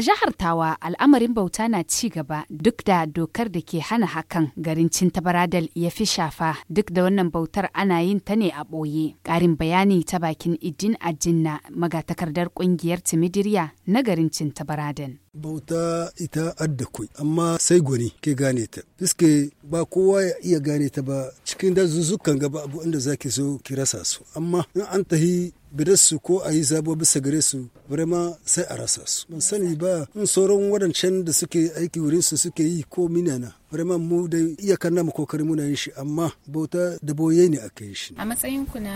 A jihar Tawa al'amarin bauta na ci gaba duk da dokar da ke hana hakan garin Cintabaradal ya fi shafa duk da wannan bautar ana yin ta ne a ɓoye. Ƙarin bayani ta bakin Idin Ajinna magatakardar ƙungiyar Timidiriya na garin Cintabaradal. Bauta ita addakwai amma sai gwani ke gane ta. Fiske ba kowa ya iya gane ta ba cikin dazuzzukan gaba abu inda zaki so ki rasa su amma in an tahi su ko a yi zabo bisa gare su vraiment sai a rasa su ban sani ba in sauran wadancan da suke aiki wurin su suke yi ko minana vraiment mu da iyakar namu kokarin muna yin shi amma bauta da boye ne aka yi shi a matsayin ku na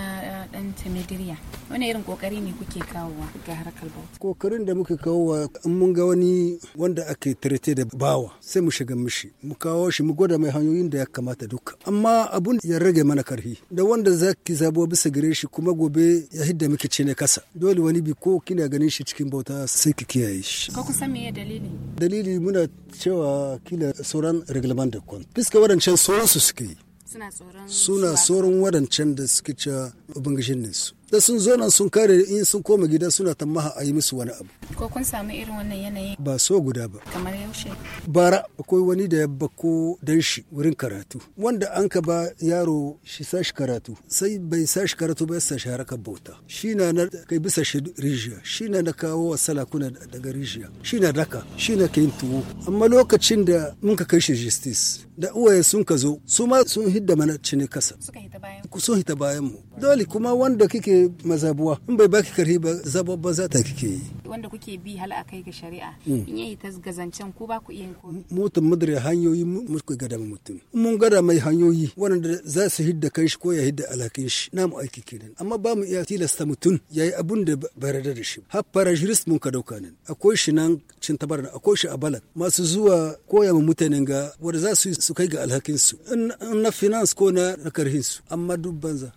dan eh, tamidiriya wani irin kokari ne kuke kawowa ga harkar bauta kokarin da muke kawowa in mun ga wani wanda ake tarete da bawa sai mu shiga mishi mu kawo shi mu gwada mai hanyoyin da ya kamata duka amma abun ya rage mana karfi da wanda zaki zabo bisa gare shi kuma gobe ya hidda da muke ce na kasa dole wani bi ko kina ganin shi cikin bauta sai ki kiyaye shi ko kusan me dalili dalili muna cewa kila sauran reglement de compte fiska wadancan sauransu suke yi suna tsoron wadancan da suke cewa ubangijin ne su da sun zo nan sun kare in sun koma gida suna tamaha a yi musu wani abu. Ko kun samu irin wannan yanayi? Ba so guda ba. Kamar yaushe? Bara akwai wani da ya bako dan shi wurin karatu. Wanda an ka ba yaro shi sashi karatu sai bai sashi karatu ba ya sashi harakar bauta. Shi na na kai bisa shi rijiya, shi na na kawo wa salakuna daga rijiya, shi na daka, shi na kai tuwo. Amma lokacin da mun ka kai shi justice da uwaye sun ka zo su ma sun hidda mana cini kasa. Suka hita bayan. Sun hita bayan mu. Dole kuma wanda kike kike mazabuwa in bai baki karhi ba zababba za ta kike yi wanda kuke bi hal a kai ga shari'a hmm. in yayi tasgazancen ko ba ku iya ko mutum mudare hanyoyi muku gada mutum in mun gada mai hanyoyi wanda za su hidda kan shi ko ya hidda alakin shi mu aiki kenan amma ba mu iya tilasta mutum yayi abun da ba da shi har parajurist mun ka dauka nan akwai shi nan cin tabar akwai shi a balan masu zuwa koya ma mutanen ga wanda za su su kai ga alhakin su na finance ko na karhin su amma duk banza